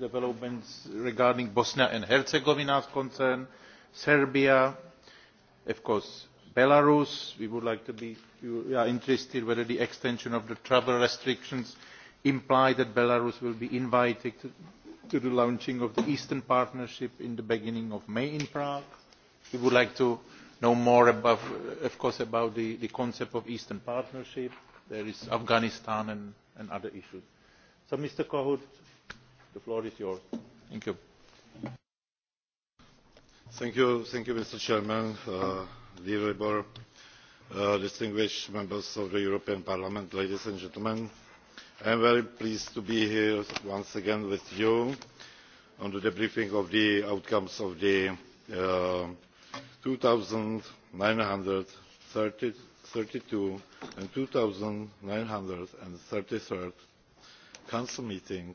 developments regarding bosnia and herzegovina is concerned serbia of course belarus we would like to be we are interested whether the extension of the travel restrictions imply that belarus will be invited to, the launching of the eastern partnership in the beginning of may in prague. we would like to know more of course about the, concept of eastern partnership. there is afghanistan and, other issues. so mr Kohout the floor is yours. Thank you. Thank you, thank you Mr. Chairman, uh, dear Labour, uh, distinguished members of the European Parliament, ladies and gentlemen. I am very pleased to be here once again with you on the debriefing of the outcomes of the uh, 2930 32 and 2933 Council meeting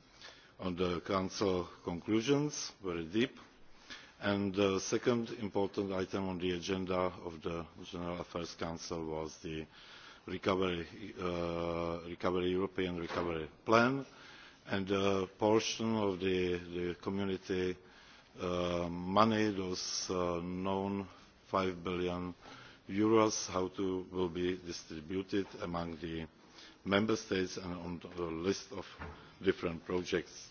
on the council conclusions very deep and the second important item on the agenda of the general affairs council was the recovery, uh, european recovery plan and a portion of the, community uh, money those uh, known eur five billion how it will be distributed among the member states and on the list of different projects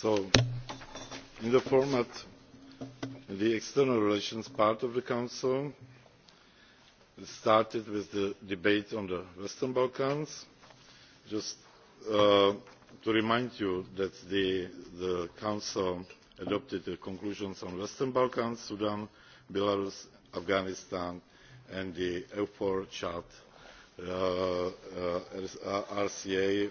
so in the format of the external relations part of the council it started with the debate on the western balkans. just uh, to remind you that the, council adopted the conclusions on the western balkans sudan belarus afghanistan and the eufor chad uh, uh, rca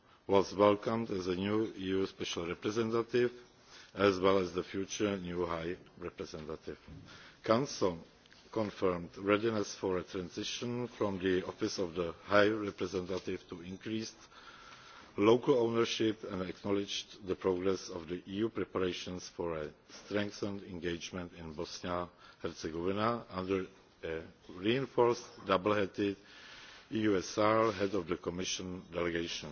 was welcomed as a new eu special representative as well as the future new high representative. the council confirmed readiness for a transition from the office of the high representative to increased local ownership and acknowledged the progress of the eu preparations for a strengthened engagement in bosnia and herzegovina under a reinforced double headed eusr head of the commission delegation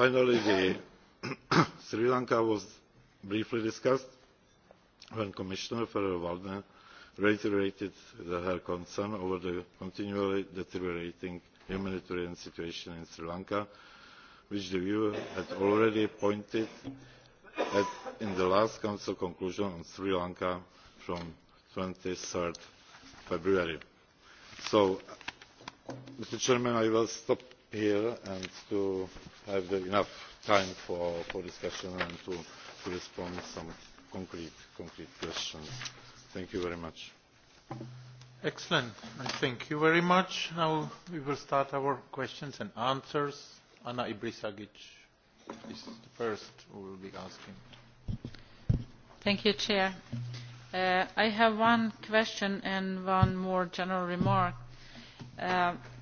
finally sri lanka was briefly discussed when commissioner ferrero waldner reiterated her concern over the continually deteriorating humanitarian situation in sri lanka which the eu had already pointed out in the last council conclusion on sri lanka from twenty three february. so i will stop here and to have enough time for, discussion and to, to respond to some concrete, concrete questions. Thank you very much. Excellent. And thank you very much. Now we will start our questions and answers. Anna Ibrisagic is the first who will be asking. Thank you, Chair. Uh, I have one question and one more general remark. Uh,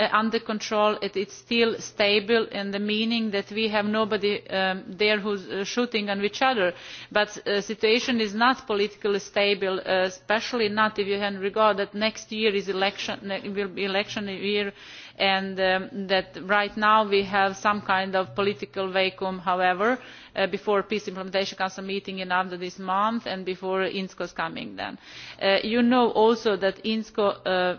Uh, under control it is still stable in the meaning that we have nobody um, there who is uh, shooting at each other but the uh, situation is not politically stable especially not if you regard that next year is election will be election year and um, that right now we have some kind of political vacuum however before the peace implementation council meeting in after this month and before INSCO is coming then. you know also that INSCO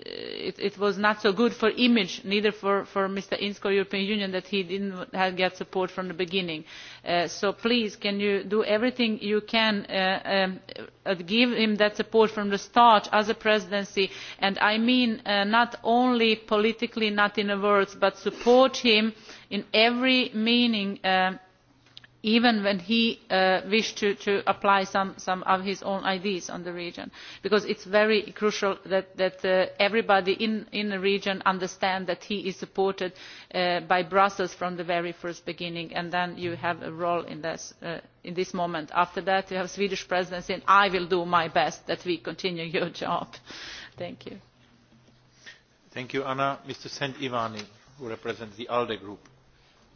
Uh, it, was not so good for image neither for, mr ince or european union that he did not get support from the beginning. Uh, so please can you do everything you can to uh, um, give him that support from the start as a presidency and i mean not only politically not in words but support him in every meaning um, even when he uh, wished to, apply some, of his own ideas on the region because it is very crucial that, uh, everybody in, the region understands that he is supported uh, by brussels from the very first beginning and then you have a role in this, moment. after that you have the swedish presidency and i will do my best that we continue your job. thank you. thank you anna. mr st ivani who represents the alde group.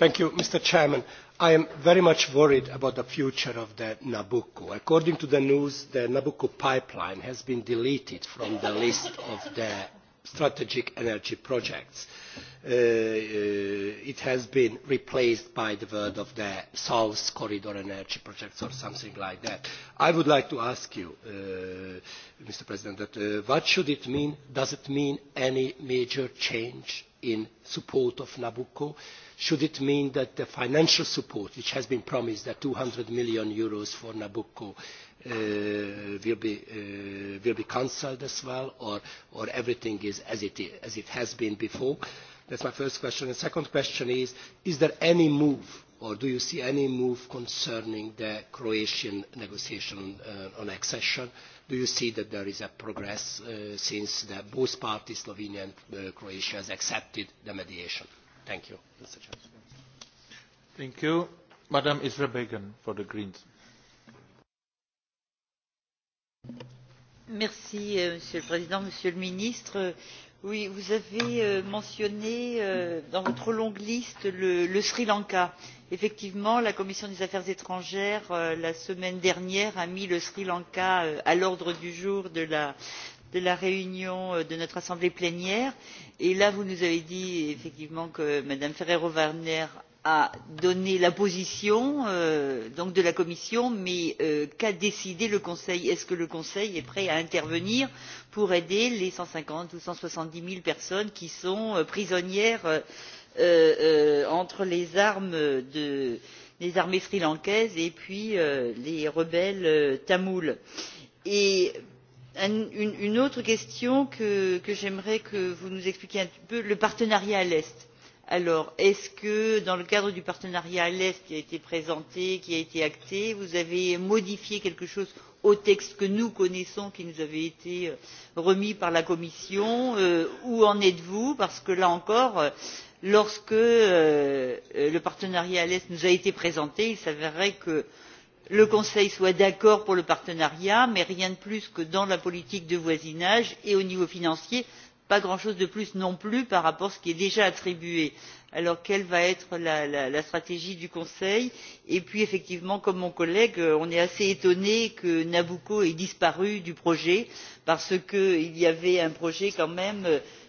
You, mr president i am very much worried about the future of nabucco. according to the news the nabucco pipeline has been deleted from the list of the strategic energy projects. Uh, uh, it has been replaced by the word of the south corridor energy projects or something like that. i would like to ask you uh, mr president what should it mean? does it mean any major change in support of Nabucco? Should it mean that the financial support, which has been promised, that 200 million euros for Nabucco, uh, will be, uh, will be cancelled as well, or, or everything is as it, is, as it has been before? That's my first question. The second question is, is there any move or do you see any move concerning the Croatian negotiation uh, on accession? Uh, do you see that there is a progress uh, since the, both parties, Slovenia and uh, Croatia, has accepted the mediation? Thank you, Mr. Chancellor. Thank you. Madam Isra Began for the Greens. Merci, euh, Monsieur le Président, Monsieur le Ministre. Oui, vous avez euh, mentionné euh, dans votre longue liste le, le Sri Lanka. Euh, effectivement la commission des affaires étrangères euh, la semaine dernière a mis le sri lanka euh, à l'ordre du jour de la, réunion euh, de notre assemblée plénière et là vous nous avez dit effectivement que mme ferrero waldner a donné la position donc de la commission mais qu'a décidé le conseil? est ce que le conseil est prêt à intervenir pour aider les cent cinquante ou cent soixante dix zéro personnes qui sont prisonnières euh, Euh, euh, entre les armes des armées sri lankaises et puis euh, les rebelles tamouls. Et une, autre question que, j'aimerais que vous nous expliquiez un petit peu le partenariat à l'est alors est ce que dans le cadre du partenariat à l'est qui a été présenté qui a été acté vous avez modifié quelque chose au texte que nous connaissons qui nous avait été remis par la commission où en êtes vous parce que là encore lorsque euh, le partenariat à l'est nous a été présenté il s'avérait que le conseil soit d'accord pour le partenariat mais rien de plus que dans la politique de voisinage et au niveau financier pas grand chose de plus non plus par rapport à ce qui est déjà attribué. alors quelle va être la, stratégie du conseil? et puis effectivement comme mon collègue euh, on est assez étonné que nabucco ait disparu du projet parce qu'il y avait un projet quand même qui euh,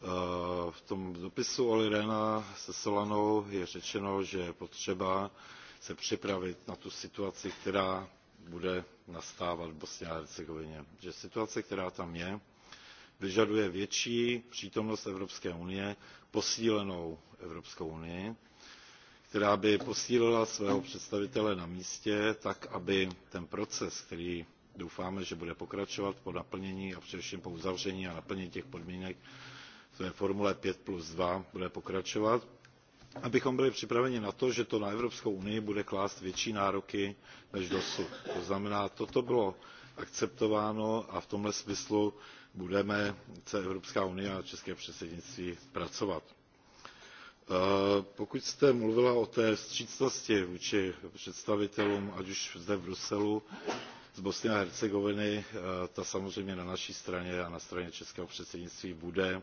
Eh, v tom dopisu olli rehna se solanou je řečeno že je potřeba se připravit na tu situaci která bude nastávat v bosně a hercegovině že situace která tam je vyžaduje větší přítomnost evropské unie posílenou evropskou unii která by posílila svého představitele na místě tak aby ten proces který doufáme že bude pokračovat po naplnění a především po uzavření a naplnění těch podmínek ve formule five plus two bude pokračovat abychom byli připraveni na to že to na evropskou unii bude klást větší nároky než dosud. to znamená toto bylo akceptováno a v tomto smyslu budeme chce evropská unie a české předsednictví pracovat. E, pokud jste mluvila o té vstřícnosti vůči představitelům ať už zde v bruselu z bosny a hercegoviny e, ta samozřejmě na naší straně a na straně českého předsednictví bude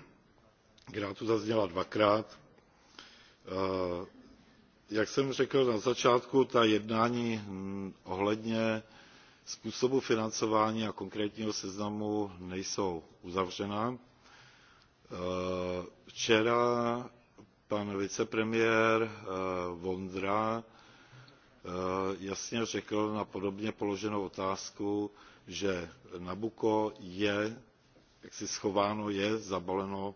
která tu zazněla dvakrát. Eh, jak jsem řekl na začátku, ta jednání hm, ohledně způsobu financování a konkrétního seznamu nejsou uzavřena. Eh, včera pan vicepremiér eh, Vondra jasně řekl na podobně položenou otázku, že Nabuko je jaksi schováno, je zabaleno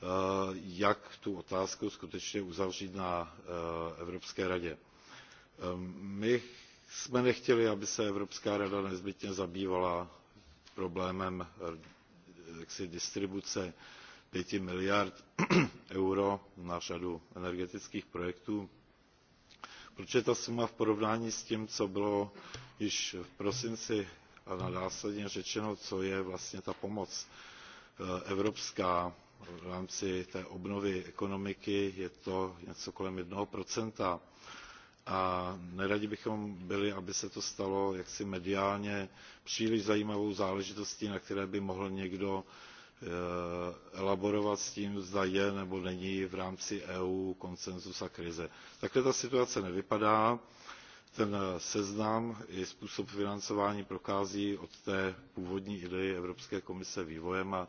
Eh, jak tu otázku skutečně uzavřít na eh, Evropské radě. Ehm, my jsme nechtěli, aby se Evropská rada nezbytně zabývala problémem eh, jaksi distribuce pěti miliard euro na řadu energetických projektů, protože ta suma v porovnání s tím, co bylo již v prosinci a následně řečeno, co je vlastně ta pomoc evropská v rámci té obnovy ekonomiky je to něco kolem jednoho procenta a neradi bychom byli aby se to stalo jaksi mediálně příliš zajímavou záležitostí na které by mohl někdo e, elaborovat s tím zda je nebo není v rámci eu konsenzus a krize. takhle ta situace nevypadá ten seznam i způsob financování prochází od té původní idei evropské komise vývojem a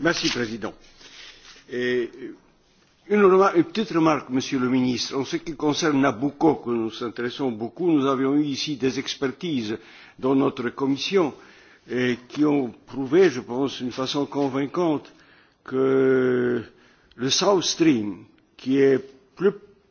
monsieur le Président. Euh, une, petite remarque, Monsieur le Ministre. En ce qui concerne Nabucco, que nous nous intéressons beaucoup, nous avons eu ici des expertises dans notre commission euh, qui ont prouvé, je pense, d'une façon convaincante que le South Stream, qui est plus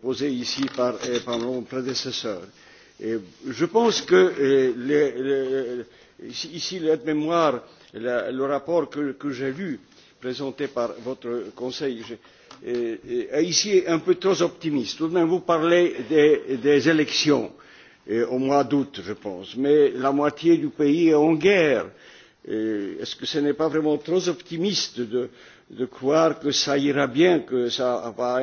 posée ici par, euh, mon prédécesseur. je pense que eh, le, le, ici l'aide mémoire le rapport que, j'ai lu présenté par votre conseil est euh, euh, ici un peu trop optimiste. tout de même vous parlez des, élections au mois d'août je pense mais la moitié du pays est en guerre. est ce que ce n'est pas vraiment trop optimiste de croire que ça ira bien que ça va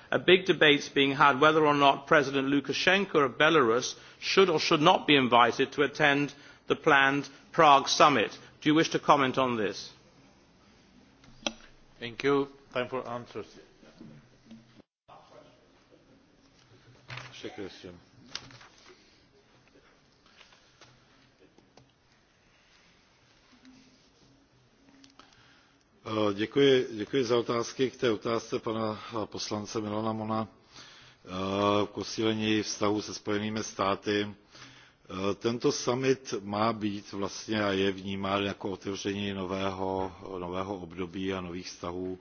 a big debate is being had about whether or not president lukashenko of belarus should or should not be invited to attend the planned prague summit. do you wish to comment on this? Eh, děkuji, za otázky. K té otázce pana eh, poslance Milana Mona eh, k posílení vztahů se Spojenými státy. Tento summit má být vlastně a je vnímán jako otevření nového, období a nových vztahů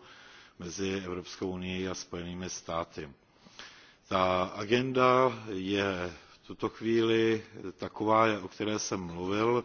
mezi Evropskou unií a Spojenými státy. Ta agenda je v tuto chvíli taková, o které jsem mluvil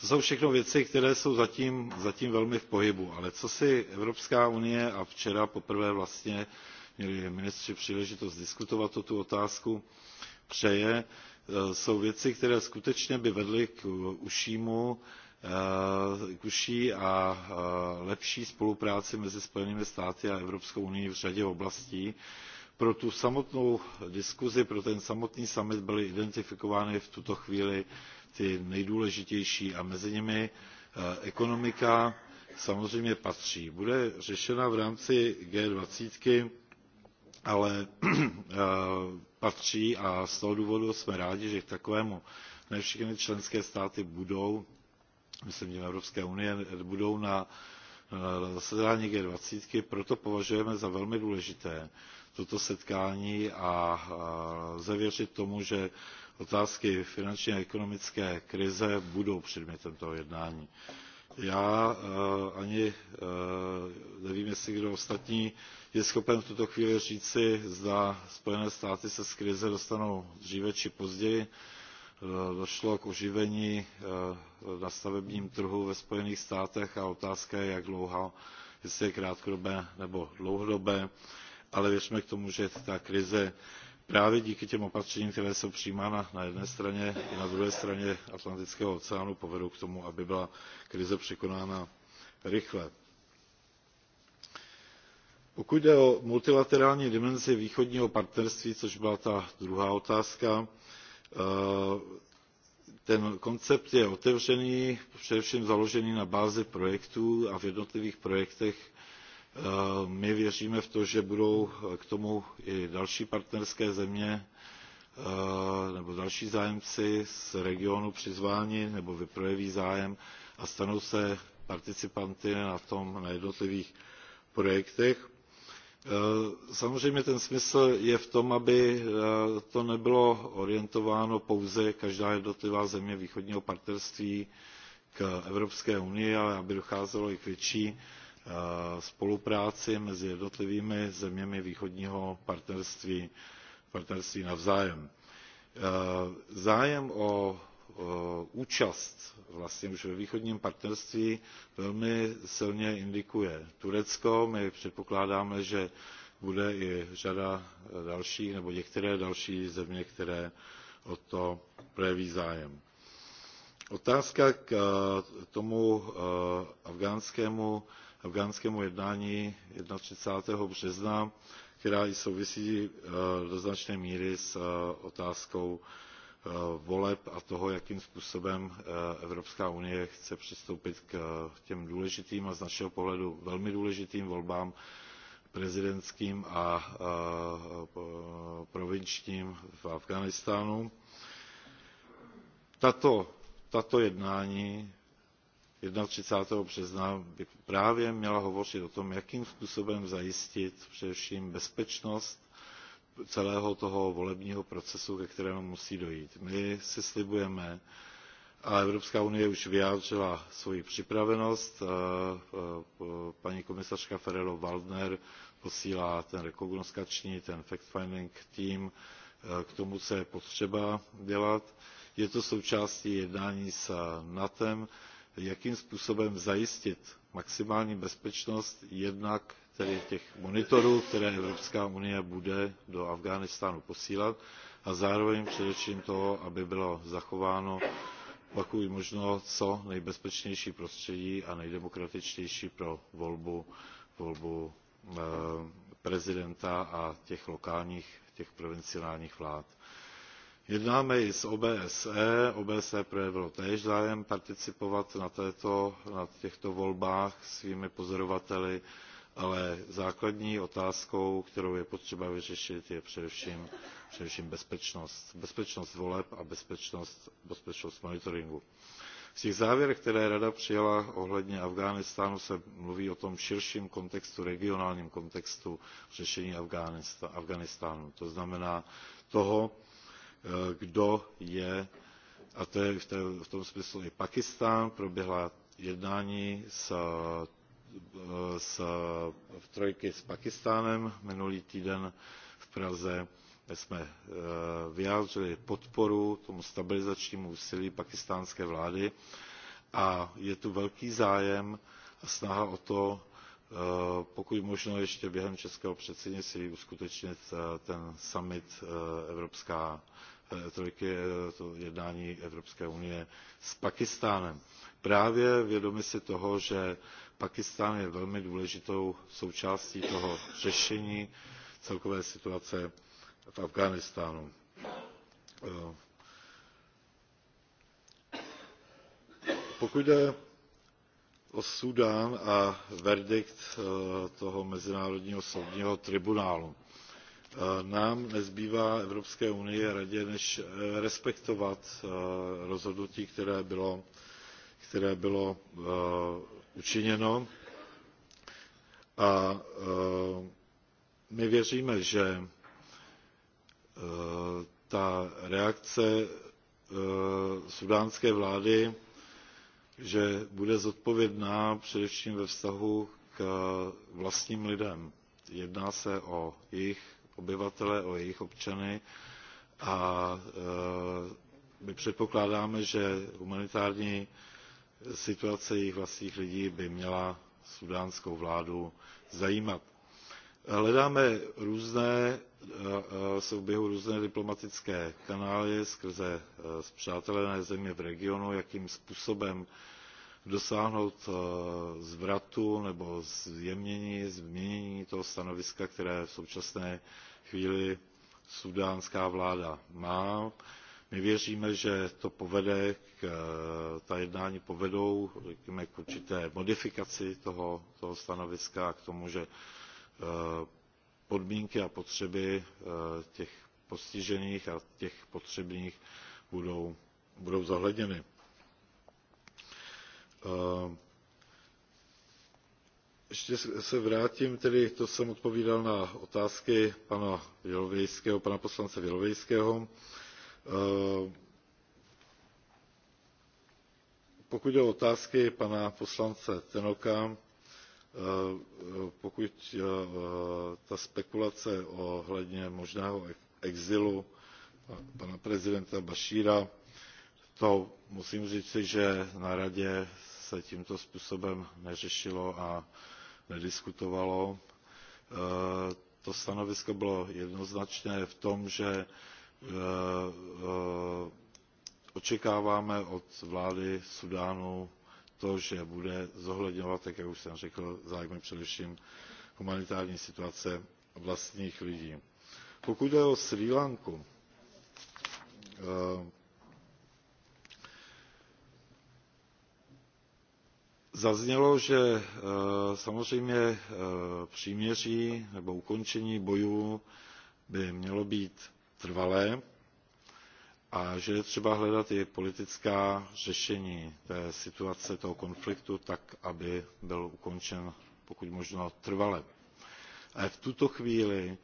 to jsou všechno věci které jsou zatím, velmi v pohybu ale co si evropská unie a včera poprvé vlastně měli ministři příležitost diskutovat o tu otázku přeje eh, jsou věci které skutečně by vedly k eh, k užší a eh, lepší spolupráci mezi spojenými státy a evropskou unií v řadě oblastí. pro tu samotnou diskusi pro ten samotný summit byly identifikovány v tuto chvíli ty nejdůležitější a mezi nimi eh, ekonomika samozřejmě patří. bude řešena v rámci g twenty ale eh, patří a z toho důvodu jsme rádi že k takovému ne všechny členské státy budou myslím tím evropské unie budou na Eh, zasedání G20, proto považujeme za velmi důležité toto setkání a lze eh, věřit tomu, že otázky finanční a ekonomické krize budou předmětem toho jednání. Já eh, ani nevím, jestli kdo ostatní je schopen v tuto chvíli říci, zda Spojené státy se z krize dostanou dříve či později Eh, došlo k oživení eh, na stavebním trhu ve Spojených státech a otázka je, jak dlouho, jestli je krátkodobé nebo dlouhodobé, ale věřme k tomu, že ta krize právě díky těm opatřením, která jsou přijímána na jedné straně i na druhé straně Atlantického oceánu, povedou k tomu, aby byla krize překonána rychle. Pokud jde o multilaterální dimenzi východního partnerství, což byla ta druhá otázka, Eh, ten koncept je otevřený především založený na bázi projektů a v jednotlivých projektech eh, my věříme v to že budou k tomu i další partnerské země eh, nebo další zájemci z regionu přizváni nebo vyprojeví zájem a stanou se participanty na, tom, na jednotlivých projektech Eh, samozřejmě ten smysl je v tom, aby eh, to nebylo orientováno pouze každá jednotlivá země východního partnerství k Evropské unii, ale aby docházelo i k větší eh, spolupráci mezi jednotlivými zeměmi východního partnerství, navzájem. Zájem o Eh, účast vlastně už ve východním partnerství velmi silně indikuje turecko my předpokládáme že bude i řada dalších nebo některé další země které o to projeví zájem. otázka k eh, tomu eh, afghánskému, afghánskému jednání. třicátého března která i souvisí do značné míry s otázkou Eh, voleb a toho, jakým způsobem eh, Evropská unie chce přistoupit k eh, těm důležitým a z našeho pohledu velmi důležitým volbám prezidentským a provinčním v Afghánistánu. Tato, tato jednání 31. března by právě měla hovořit o tom, jakým způsobem zajistit především bezpečnost celého toho volebního procesu, ke kterému musí dojít. My si slibujeme, a Evropská unie už vyjádřila svoji připravenost, paní komisařka Ferrero-Waldner posílá ten rekognoskační, ten fact-finding tým, k tomu, co je potřeba dělat. Je to součástí jednání s nato jakým způsobem zajistit maximální bezpečnost jednak tedy těch monitorů, které Evropská unie bude do Afghánistánu posílat a zároveň především toho, aby bylo zachováno pokud možno co nejbezpečnější prostředí a nejdemokratičtější pro volbu, volbu e, prezidenta a těch lokálních, těch provinciálních vlád. Jednáme i s OBSE. OBSE projevilo též zájem participovat na, této, na těchto volbách svými pozorovateli. E, ale základní otázkou kterou je potřeba vyřešit je především, především bezpečnost bezpečnost voleb a bezpečnost, bezpečnost monitoringu. v těch závěrech které rada přijala ohledně afghánistánu se mluví o tom širším kontextu regionálním kontextu řešení afghánistánu to znamená toho kdo je a to je v tom smyslu i pákistán proběhla jednání s z, trojky s Pakistánem minulý týden v Praze, jsme eh, vyjádřili podporu tomu stabilizačnímu úsilí pakistánské vlády a je tu velký zájem a snaha o to, eh, pokud možno ještě během českého předsednictví uskutečnit eh, ten summit Evropská trojky, to jednání Evropské unie s Pakistánem. Právě vědomi si toho, že pákistán je velmi důležitou součástí toho řešení celkové situace v afghánistánu. Eh, pokud jde o súdán a verdikt eh, toho mezinárodního soudního tribunálu eh, nám nezbývá evropské unii a radě než respektovat rozhodnutí které bylo, které bylo učiněno a e, my věříme, že e, ta reakce e, sudánské vlády že bude zodpovědná především ve vztahu k vlastním lidem. Jedná se o jejich obyvatele, o jejich občany a my předpokládáme, že humanitární situace jejich vlastních lidí by měla súdánskou vládu zajímat. Hledáme různé, eh, jsou v běhu různé diplomatické kanály skrze zpřátelené eh, země v regionu, jakým způsobem dosáhnout eh, zvratu nebo zjemnění, změnění toho stanoviska, které v současné chvíli sudánská vláda má my věříme že to povede e, ta jednání povedou řekněme k určité modifikaci toho, stanoviska a k tomu že e, podmínky a potřeby e, těch postižených a těch potřebných budou, budou zohledněny. ještě se vrátím tedy to jsem odpovídal na otázky pana, pana poslance bělobrádka Ehm, pokud jde o otázky pana poslance tannocka ehm, ehm, pokud ta spekulace ohledně možného exilu pana prezidenta Bašíra, to musím říci, že na radě se tímto způsobem neřešilo a nediskutovalo. To stanovisko bylo jednoznačné v tom, že Eh, eh, očekáváme od vlády súdánu to že bude zohledňovat tak jak už jsem řekl zájmy především humanitární situace vlastních lidí. pokud jde o srí lanku eh, zaznělo že samozřejmě příměří nebo ukončení bojů by mělo být trvalé a že je třeba hledat i politická řešení té situace, toho konfliktu, tak, aby byl ukončen pokud možno trvale. A v tuto chvíli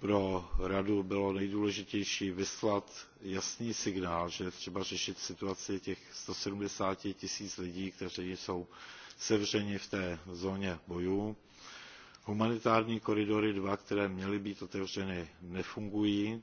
pro radu bylo nejdůležitější vyslat jasný signál, že je třeba řešit situaci těch 170 tisíc lidí, kteří jsou sevřeni v té zóně bojů. Humanitární koridory dva, které měly být otevřeny, nefungují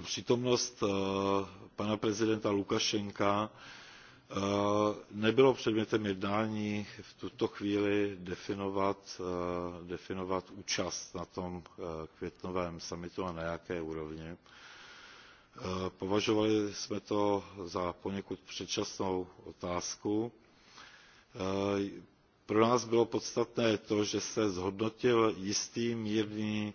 přítomnost eh, pana prezidenta Lukašenka eh, nebylo předmětem jednání v tuto chvíli definovat, eh, definovat účast na tom květnovém summitu a na jaké úrovni. Považovali jsme to za poněkud předčasnou otázku. Pro nás bylo podstatné to, že se zhodnotil jistý mírný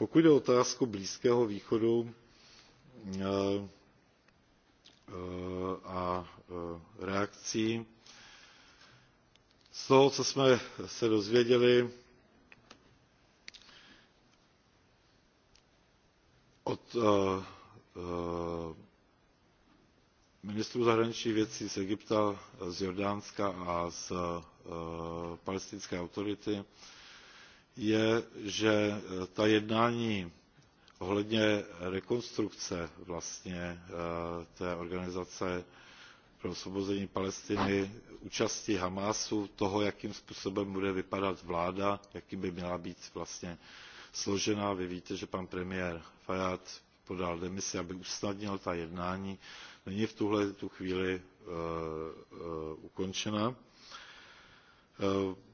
pokud jde o otázku blízkého východu eh, eh, a eh, reakcí z toho co jsme se dozvěděli od ministrů zahraničních věcí z egypta z jordánska a z palestinské autority je že eh, ta jednání ohledně rekonstrukce vlastně eh, té organizace pro osvobození palestiny účasti hamásu toho jakým způsobem bude vypadat vláda jaký by měla být vlastně složena vy víte že pan premiér fajád podal demisi aby usnadnil ta jednání není v tuhle tu chvíli eh, ukončena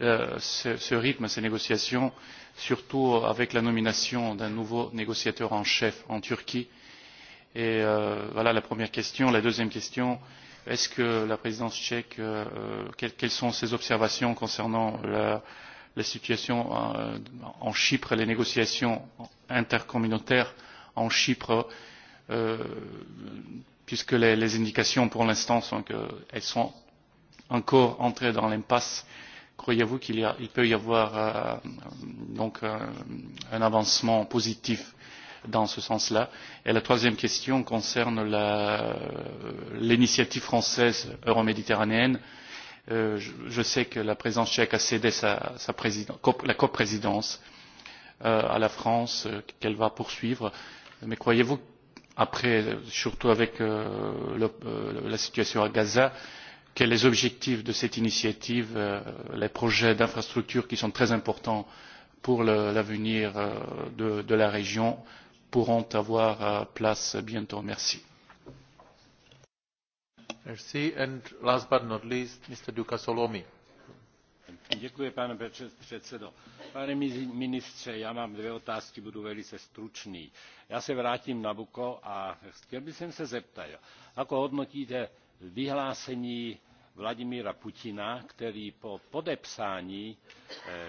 Euh, ce, rythme, ces négociations, surtout avec la nomination d'un nouveau négociateur en chef en Turquie. Euh, voilà la première question. La deuxième question, est-ce que la présidence tchèque, euh, quelles, sont ses observations concernant la, situation en Chypre, les négociations intercommunautaires en Chypre, puisque les, indications pour l'instant sont qu'elles sont encore entrées dans l'impasse euh, croyez-vous qu'il y a, il peut y avoir euh, euh donc euh, un avancement positif dans ce sens-là Et la troisième question concerne euh, l'initiative française euroméditerranéenne. Euh, je, je sais que la présidence tchèque a cédé sa, sa cop, la coprésidence euh, à la France, euh, qu'elle va poursuivre. Mais croyez-vous, après, surtout avec euh, le, euh, la situation à Gaza, euh, que les objectifs de cette initiative euh, les projets d'infrastructures qui sont très importants pour l'avenir euh, de, la région pourront avoir euh, place bientôt. merci. Merci. And last but not least, Mr. Duka Solomi. Děkuji, pane předsedo. Pane ministře, já mám dvě otázky, budu velice stručný. Já se vrátím na Buko a chtěl bych se zeptat, jako hodnotíte vyhlásení vladimíra putina který po podepsání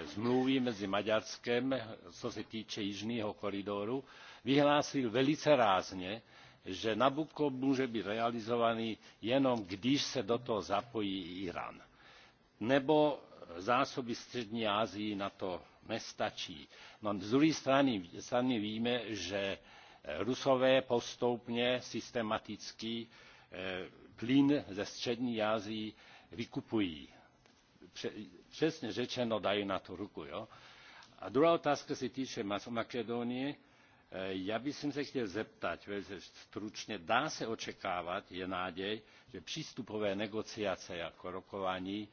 smlouvy eh, mezi maďarskem co se týče jižního koridoru vyhlásil velice rázně že nabucco může být realizovaný jenom když se do toho zapojí írán nebo zásoby střední asii na to nestačí. no z druhé strany, strany víme že rusové postupně systematicky eh, plyn ze střední asii vykupují. přesně řečeno dají na to ruku. Jo? a druhá otázka se týče makedonie. Eh, já bych se chtěl zeptat velice stručně dá se očekávat je nádej, že přístupové negociace jako rokování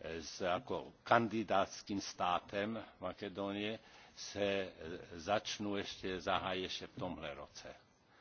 eh, s jako kandidátským státem makedonie se eh, začnou ještě zahájí ještě v tomhle roce.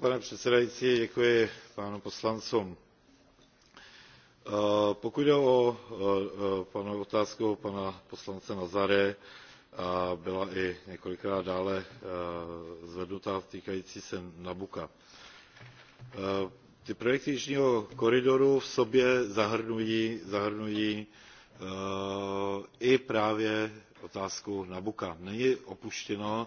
pane předsedající, děkuji pánům poslancům. Eh, pokud jde o eh, otázku pana poslance Nazare, a byla i několikrát dále eh, zvednuta týkající se nabucca. Ty projekty Jižního koridoru v sobě zahrnují, i právě otázku nabucca. Není opuštěno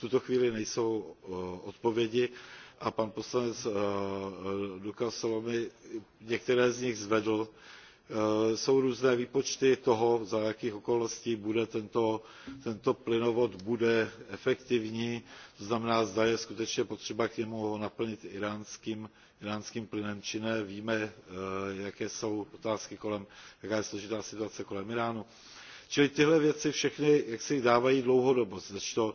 tuto chvíli nejsou eh, odpovědi a pan poslanec eh, eh, luca salomon některé z nich zvedl. jsou různé výpočty toho za jakých okolností bude tento, plynovod bude efektivní to znamená zda je skutečně potřeba k němu ho naplnit íránským, íránským plynem či ne. víme jaké jsou otázky kolem jaká je složitá situace kolem íránu. čili tyhle věci všechny jaksi dávají dlouhodobost kdežto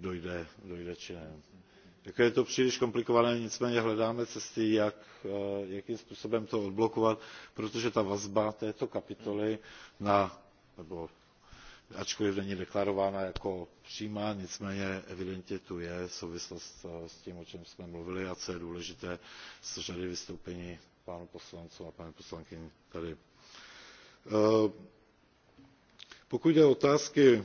dojde, činem. Jako je to příliš komplikované, nicméně hledáme cesty, jak, eh, jakým způsobem to odblokovat, protože ta vazba této kapitoly na, nebo ačkoliv není deklarována jako přímá, nicméně evidentně tu je souvislost eh, s tím, o čem jsme mluvili a co je důležité z řady vystoupení pánu poslanců a paní poslankyni tady. Eh, pokud jde o otázky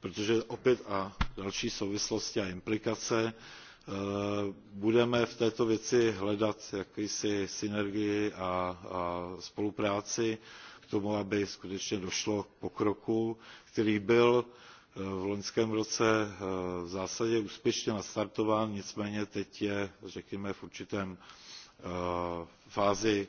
protože opět a další souvislosti a implikace eh, budeme v této věci hledat jakousi synergii a, a spolupráci k tomu aby skutečně došlo k pokroku který byl eh, v loňském roce eh, v zásadě úspěšně nastartován nicméně teď je řekněme v určité fázi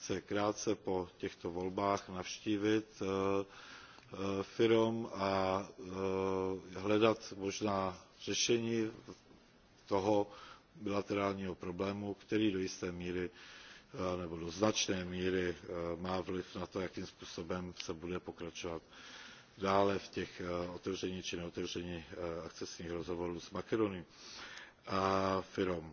se krátce po těchto volbách navštívit eh, eh, firm a eh, hledat možná řešení toho bilaterálního problému, který do jisté míry nebo do značné míry má vliv na to, jakým způsobem se bude pokračovat dále v těch otevření či neotevření akcesních rozhovorů s Makedonií a firm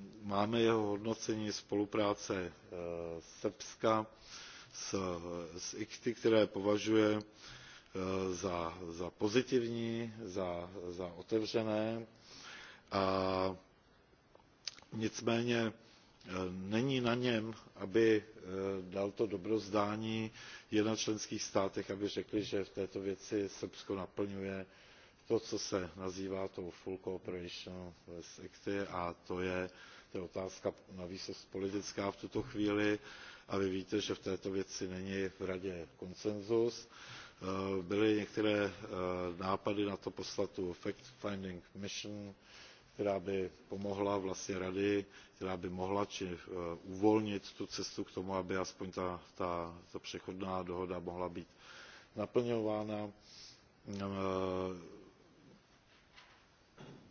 máme jeho hodnocení spolupráce eh, srbska s, s icty které považuje eh, za, za pozitivní za, za otevřené a nicméně eh, není na něm aby dal to dobrozdání je na členských státech aby řekli že v této věci srbsko naplňuje to, co se nazývá tou full cooperation less ICTY, a to je, to je otázka navíc politická v tuto chvíli a vy víte, že v této věci není v radě konsenzus. E, byly některé e, nápady na to poslat tu fact-finding mission, která by pomohla vlastně rady, která by mohla či e, uvolnit tu cestu k tomu, aby aspoň ta, ta, ta přechodná dohoda mohla být naplňována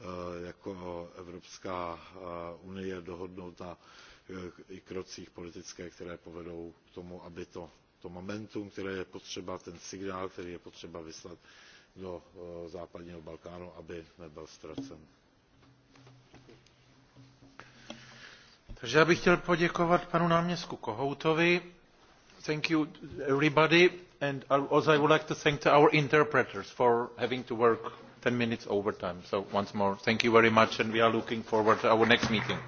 Eh, jako Evropská eh, unie dohodnout na eh, i krocích politické, které povedou k tomu, aby to, to momentum, které je potřeba, ten signál, který je potřeba vyslat do západního Balkánu, aby nebyl ztracen. Takže já bych chtěl poděkovat panu náměstku Kohoutovi. Thank you everybody and also i would like to thank our interpreters for having to work ten minutes overtime so once more thank you very much and we are looking forward to our next meeting.